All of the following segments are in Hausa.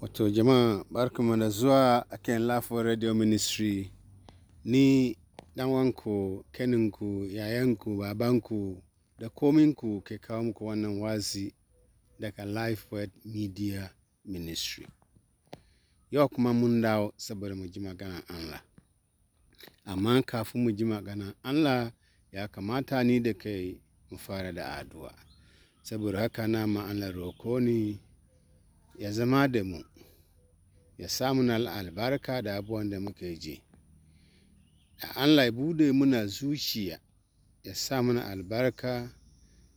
Wato jama'a barka mana zuwa a kan Lafo Radio Ministry ni ɗanwanku, kaninku, yayanku, babanku da kominku ke kawo muku wannan wazi daga Lifeword Media Ministry. Yau kuma mun dawo saboda mu ji an Allah. Amma kafin mu ji an Allah ya kamata ni da kai mu fara da addu'a. saboda haka na ma'anar roko ne ya zama da mu ya samu na albarka da abuwan da muka je da allah ya bude muna zuciya ya samu na albarka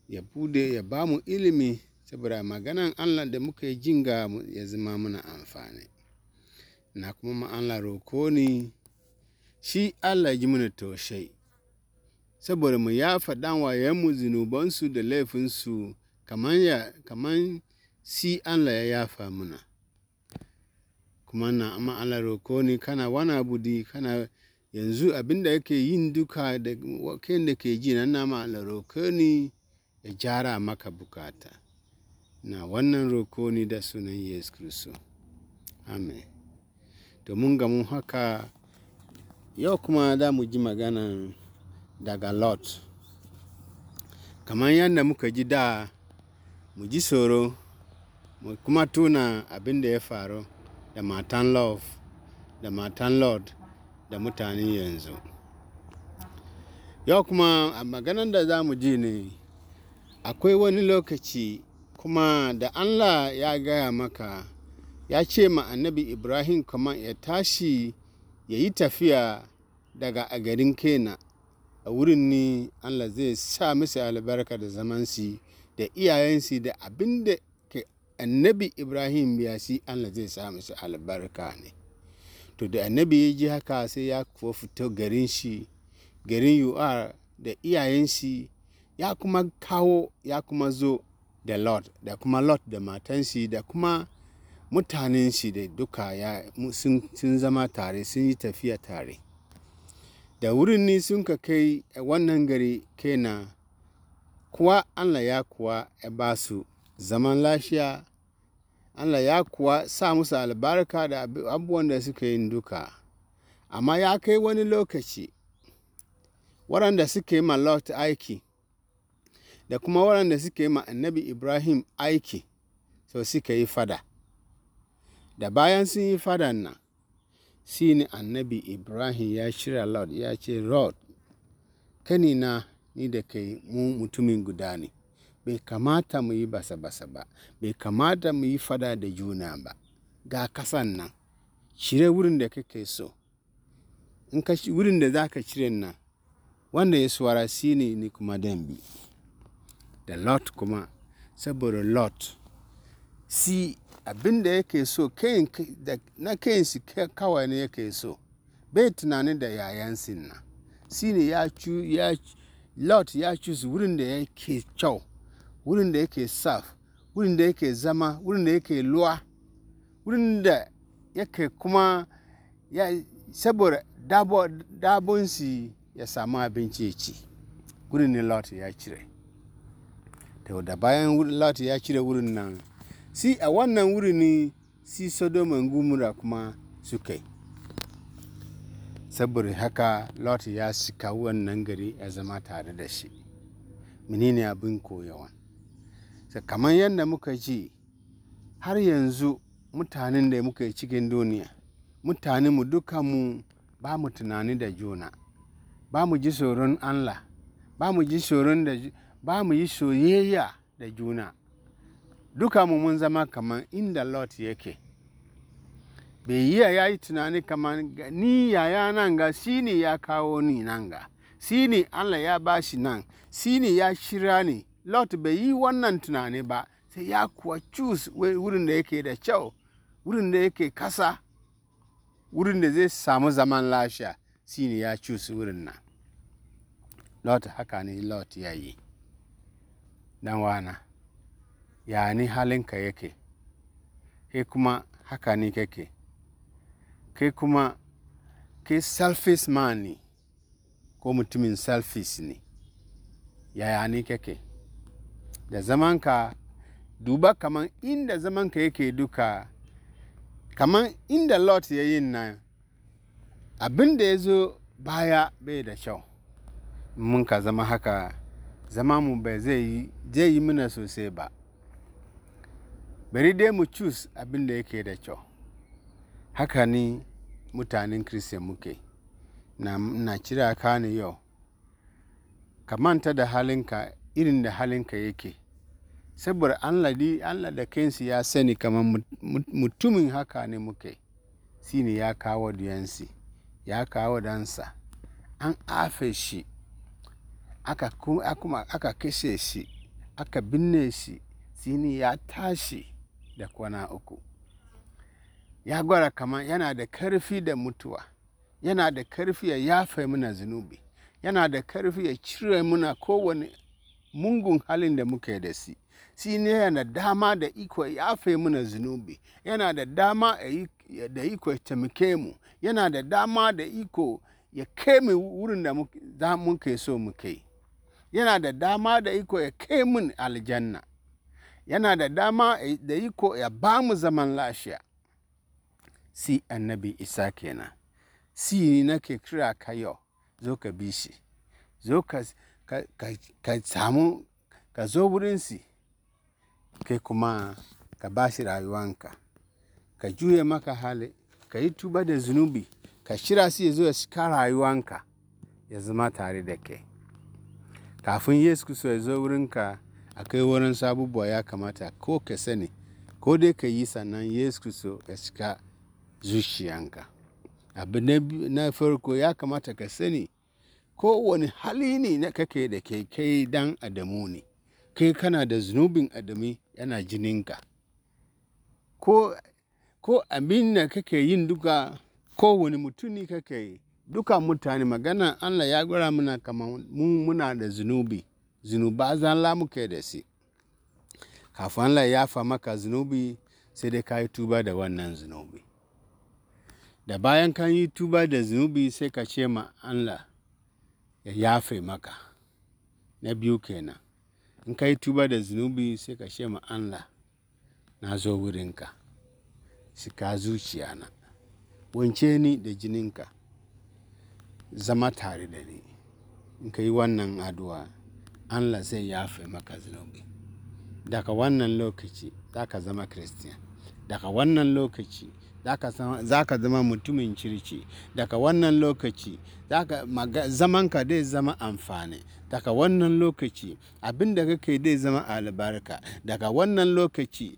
ya bude ya ba mu ilimi saboda maganan allah da muka yi jinga ya zama muna amfani na kuma ma'anar roko ne shi allah ya ji mana toshai saboda mu yafa ɗanwayenmu zunubansu da laifinsu Kaman si Allah ya yafa muna. Kuma na amma Allah roko ne kana wani abu kana yanzu abinda yake yin duka da wakil da ke ji nan nama Allah roko ne ya jara maka bukata. Na wannan roko ne da sunan Yesu Kristo Amen. Domin gamun haka yau kuma za mu ji magana daga Lot. Kamar yadda muka ji da, mu ji tsoro, mu kuma tuna abin da ya faru da matan Love, da matan Lord, da mutane yanzu. Yau kuma a maganan da za mu ji ne, akwai wani lokaci kuma da Allah ya gaya maka, ya ce ma annabi Ibrahim kuma ya tashi ya yi tafiya daga a garin Kena a wurin ni Allah zai sa musu albarka da zamansu da iyayensu da abin da annabi Ibrahim ya shi Allah zai sa musu albarka ne to da annabi ya ji haka sai ya kuwa fito garin shi garin UR da iyayensu ya kuma kawo ya kuma zo da Lord da kuma Lord da matansi da kuma mutanen shi da duka ya sun zama tare sun yi tafiya tare da wurin ni sun ka kai wannan gari kenan kuwa allah ya kuwa ba su zaman lafiya allah ya kuwa sa musu albarka da abubuwan da suka yi duka amma ya kai wani lokaci waɗanda suka yi ma lot aiki da kuma waɗanda suka yi ma annabi ibrahim aiki so suka yi fada da bayan sun yi fadan nan shi ne annabi ibrahim ya shirya lord ya ce lord kanina ni da kai mu mutumin guda ne bai kamata mu yi basa-basa ba bai kamata mu yi fada da juna ba ga kasan nan cire wurin da kake so in ka wurin da za ka cire nan wanda ya suwara shi ne ni kuma dambi da lot kuma saboda lot si abin da yake so na kansu kawai ne yake so bai tunanin da yayansu na shi ne ya lot ya cusu wurin da yake kyau wurin da yake saf wurin da yake zama wurin da yake luwa wurin da yake kuma ya saboda dabonsi ya samu abinci ci wurin ne lot ya cire da bayan lot ya cire wurin nan Si a wannan wuri ne si Sodoma Gomorrah kuma suka yi. Saboda haka Lot ya shiga wannan gari ya zama tare da shi. Menene abin koyawan? Kamar yadda muka ji har yanzu mutanen da muka yi cikin duniya, mutanenmu dukanmu ba mu tunani da juna, ba mu ji tsoron Allah, ba mu ji tsoron da ba mu yi soyayya da juna. duka mu mun zama kamar inda lot yake bai yi ya yi tunani kamar ni yaya nan ga shi ne ya kawo ni nan ga shi ne allah ya ba shi nan shi ne ya shira ni lot bai yi wannan tunani ba sai ya kuwa cus wurin da yake da kyau wurin da yake kasa wurin da zai samu zaman lafiya shi ne ya cus wurin nan lot haka ne lot ya yi dan wana ya ni halinka yake ke kuma haka ni kake ke kuma kai selfish man ni ko mutumin selfish ne yaya ni kake da zamanka duba kaman inda zamanka yake duka kaman inda lot ya yi nan abin da ya zo baya bai da kyau mun ka zama haka zama mu bai zai yi mana sosai ba bari dai mu cus abinda da yake da kyau haka ni mutanen christian muke na, na cira ka ni yau ka manta da halinka irin da halinka yake saboda allah allah da kensu ya sani kamar mutumin haka ne muke shine ya kawo duyansi ya kawo dansa an afe shi aka, kashe shi aka binne shi shine ya tashi da kwana uku ya gwara kama yana da karfi da mutuwa yana da karfi ya yafe muna zunubi yana da karfi ya cire muna kowane mungun halin da muke da si shi ne yana dama da iko ya yafe muna zunubi yana da dama da iko ya taimake mu yana da dama da iko ya kai mu wurin da muke so mu kai yana da dama da iko ya kai mun aljanna yana da dama da iko ya ba mu zaman lafiya si annabi isa kenan si nake kira ka yau zo ka bi shi zo ka samu ka zo wurinsi kai kuma ka ba shi rayuwanka ka juye maka hali ka yi tuba da zunubi ka shira su ya zo ya shika rayuwanka ya zama tare da kai kafin yesu so ya zo wurinka akwai wurin sabubuwa ya kamata ko ka sani ko dai ka yi sannan yesu kristo ya cika zuciyanka abu na farko ya kamata ka sani kowane hali ne na kake da ke kai dan adamu ne kai kana da zunubin adami yana jininka ko abin da kake yin duka kowane mutuni kake yi duka mutane magana allah ya gura muna kamar mu muna da zunubi zunuba mu ke da shi kafin Allah ya fa maka zunubi sai dai ka yi tuba da wannan zunubi da bayan ka yi tuba da zunubi sai ka ce ma Allah ya yafe maka na biyu kenan in ka yi tuba da zunubi sai ka ce ma Allah na zo wurinka shika zuciya na wance ni da ka zama tare da ni in ka yi wannan addu'a Allah zai yafe maka zunubi daga wannan lokaci za ka zama kristiyan daga wannan lokaci za ka zama mutumin kirki daga wannan lokaci zaman zamanka dai zama amfani. Daga wannan lokaci abin da kake dai zama albarka. Daga wannan lokaci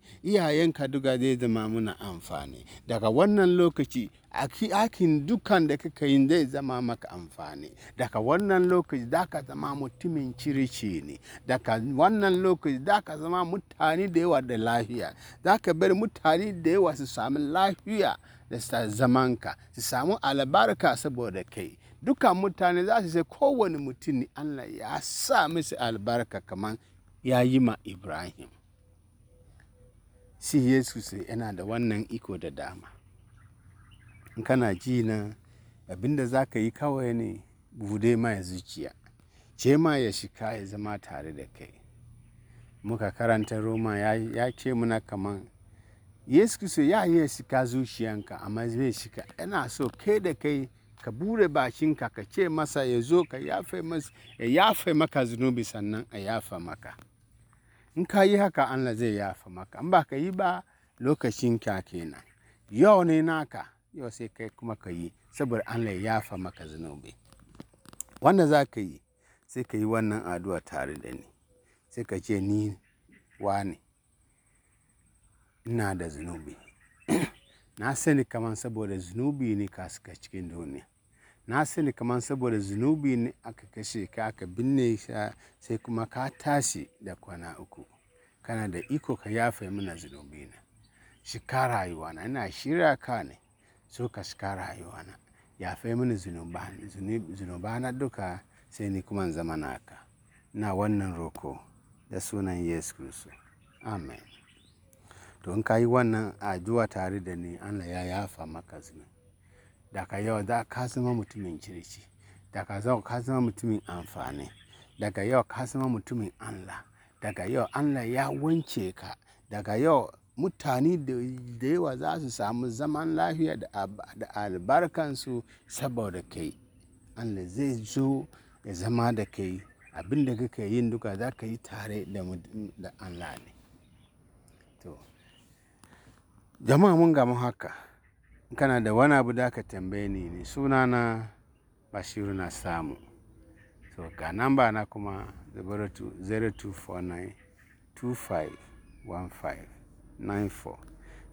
ka duka zai zama muna amfani. Daga wannan lokaci akin dukan da kake yin zai zama maka amfani. Daga wannan lokaci za ka zama mutumin cirice ne. Daga wannan lokaci za ka zama mutane da yawa da lafiya. Za ka bar mutane da yawa su sami lafiya da zamanka, su samu albarka saboda kai. duka mutane za su sai kowane mutum ne Allah ya sa musu albarka kamar ya yi ma Ibrahim. Si Yesu sai yana da wannan iko da dama. In kana ji na abinda za ka yi kawai ne bude ma ya zuciya, ce ma ya shika ya zama tare da kai. Muka karanta Roma ya ce muna kaman Yesu ya ya shika zuciyanka amma zai shika yana so kai da kai ka bude bakinka ka ce masa ya zo ka yafe masa ya yafe maka zunubi sannan a yafa maka in ka yi haka Allah zai yafa maka in ba ka yi ba lokacin ka kenan yau ne naka yau sai kai kuma ka yi saboda Allah ya yafa maka zunubi wanda za ka yi sai ka yi wannan addu'a tare da ni sai ka ce ni wane ina da zunubi na sani kaman saboda zunubi ne ka suka cikin duniya na sani kaman saboda zunubi ne aka kashe ka aka binne sai kuma ka tashi da kwana uku kana da iko ka yafe mana zunubi na ka rayuwa na ina shirya ka ne so ka ka rayuwa na yafe mana zunuba na duka sai ni kuma zama naka na wannan roko da sunan yesu kristo amen To in ka yi wannan addu'a tare da ni Allah ya yafa maka zunubi. Da ka yau za ka zama mutumin kirki. ka zama ka zama mutumin amfani. Daga yau ka zama mutumin Allah. Daga yau Allah ya wanke ka. Daga yau mutane da yawa za su samu zaman lafiya da albarkansu saboda kai. Allah zai zo ya zama da kai. Abin da kake yin duka za ka yi tare da Allah ne. To. Jama'a mun gamu haka, kana da wani abu da aka tambaye ni ne, sunana Bashiru na Samu. to ga namba na kuma 0249251594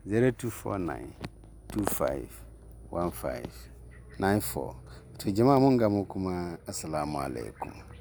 0249251594 To jama'a mun gamu kuma Assalamu alaikum.